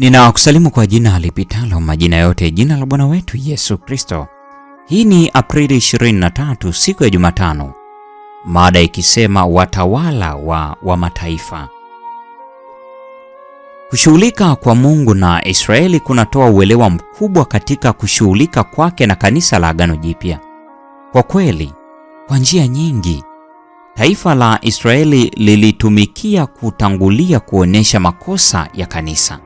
Ninakusalimu kwa jina lipitalo majina yote, jina la Bwana wetu Yesu Kristo. Hii ni Aprili 23, siku ya Jumatano, mada ikisema watawala wa, wa mataifa. Kushughulika kwa Mungu na Israeli kunatoa uelewa mkubwa katika kushughulika kwake na kanisa la Agano Jipya. Kwa kweli, kwa njia nyingi taifa la Israeli lilitumikia kutangulia kuonyesha makosa ya kanisa.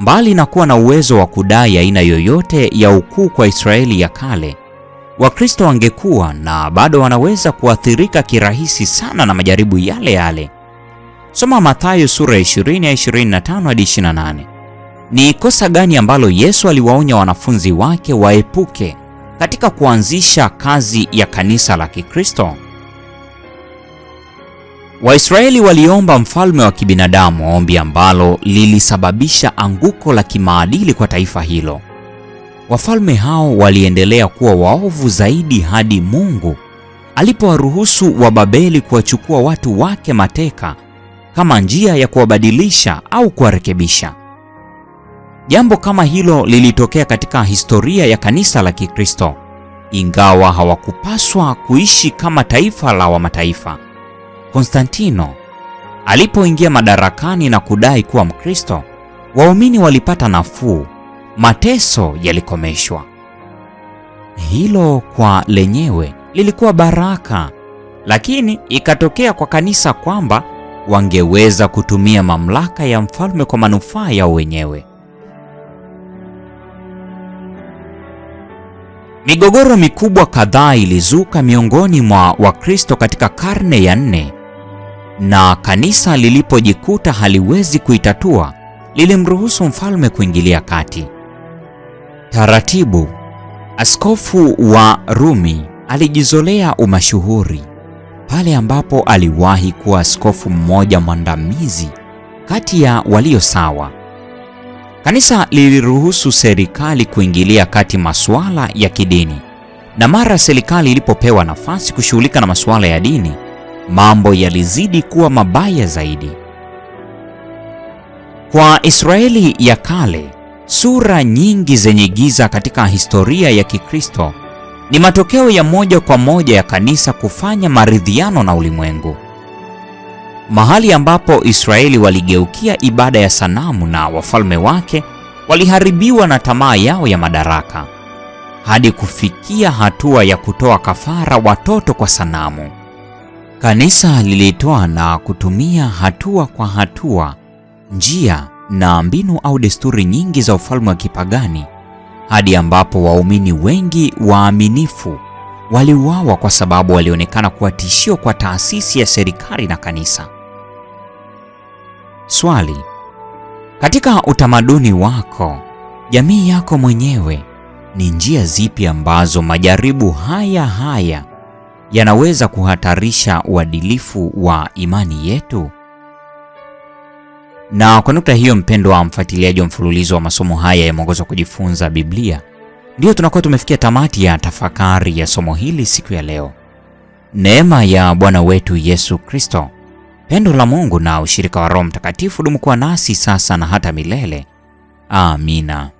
Mbali na kuwa na uwezo wa kudai aina yoyote ya ukuu kwa Israeli ya kale, Wakristo wangekuwa na bado wanaweza kuathirika kirahisi sana na majaribu yale yale. Soma Mathayo sura ya 20 25 hadi 28. Ni kosa gani ambalo Yesu aliwaonya wanafunzi wake waepuke katika kuanzisha kazi ya kanisa la Kikristo? Waisraeli waliomba mfalme wa kibinadamu, ombi ambalo lilisababisha anguko la kimaadili kwa taifa hilo. Wafalme hao waliendelea kuwa waovu zaidi hadi Mungu alipowaruhusu Wababeli kuwachukua watu wake mateka kama njia ya kuwabadilisha au kuwarekebisha. Jambo kama hilo lilitokea katika historia ya kanisa la Kikristo, ingawa hawakupaswa kuishi kama taifa la wamataifa. Konstantino alipoingia madarakani na kudai kuwa Mkristo, waumini walipata nafuu, mateso yalikomeshwa. Hilo kwa lenyewe lilikuwa baraka, lakini ikatokea kwa kanisa kwamba wangeweza kutumia mamlaka ya mfalme kwa manufaa yao wenyewe. Migogoro mikubwa kadhaa ilizuka miongoni mwa Wakristo katika karne ya nne na kanisa lilipojikuta haliwezi kuitatua, lilimruhusu mfalme kuingilia kati. Taratibu, askofu wa Rumi alijizolea umashuhuri pale ambapo aliwahi kuwa askofu mmoja mwandamizi kati ya walio sawa. Kanisa liliruhusu serikali kuingilia kati masuala ya kidini, na mara serikali ilipopewa nafasi kushughulika na masuala ya dini mambo yalizidi kuwa mabaya zaidi. Kwa Israeli ya kale, sura nyingi zenye giza katika historia ya Kikristo ni matokeo ya moja kwa moja ya kanisa kufanya maridhiano na ulimwengu. Mahali ambapo Israeli waligeukia ibada ya sanamu na wafalme wake waliharibiwa na tamaa yao ya madaraka hadi kufikia hatua ya kutoa kafara watoto kwa sanamu. Kanisa lilitoa na kutumia hatua kwa hatua njia na mbinu au desturi nyingi za ufalme wa kipagani hadi ambapo waumini wengi waaminifu waliuawa kwa sababu walionekana kuwa tishio kwa taasisi ya serikali na kanisa. Swali: katika utamaduni wako, jamii yako mwenyewe, ni njia zipi ambazo majaribu haya haya yanaweza kuhatarisha uadilifu wa imani yetu? Na kwa nukta hiyo, mpendwa mfuatiliaji wa mfululizo wa masomo haya ya mwongozo wa kujifunza Biblia, ndiyo tunakuwa tumefikia tamati ya tafakari ya somo hili siku ya leo. Neema ya Bwana wetu Yesu Kristo, pendo la Mungu na ushirika wa Roho Mtakatifu dumu kuwa nasi sasa na hata milele. Amina.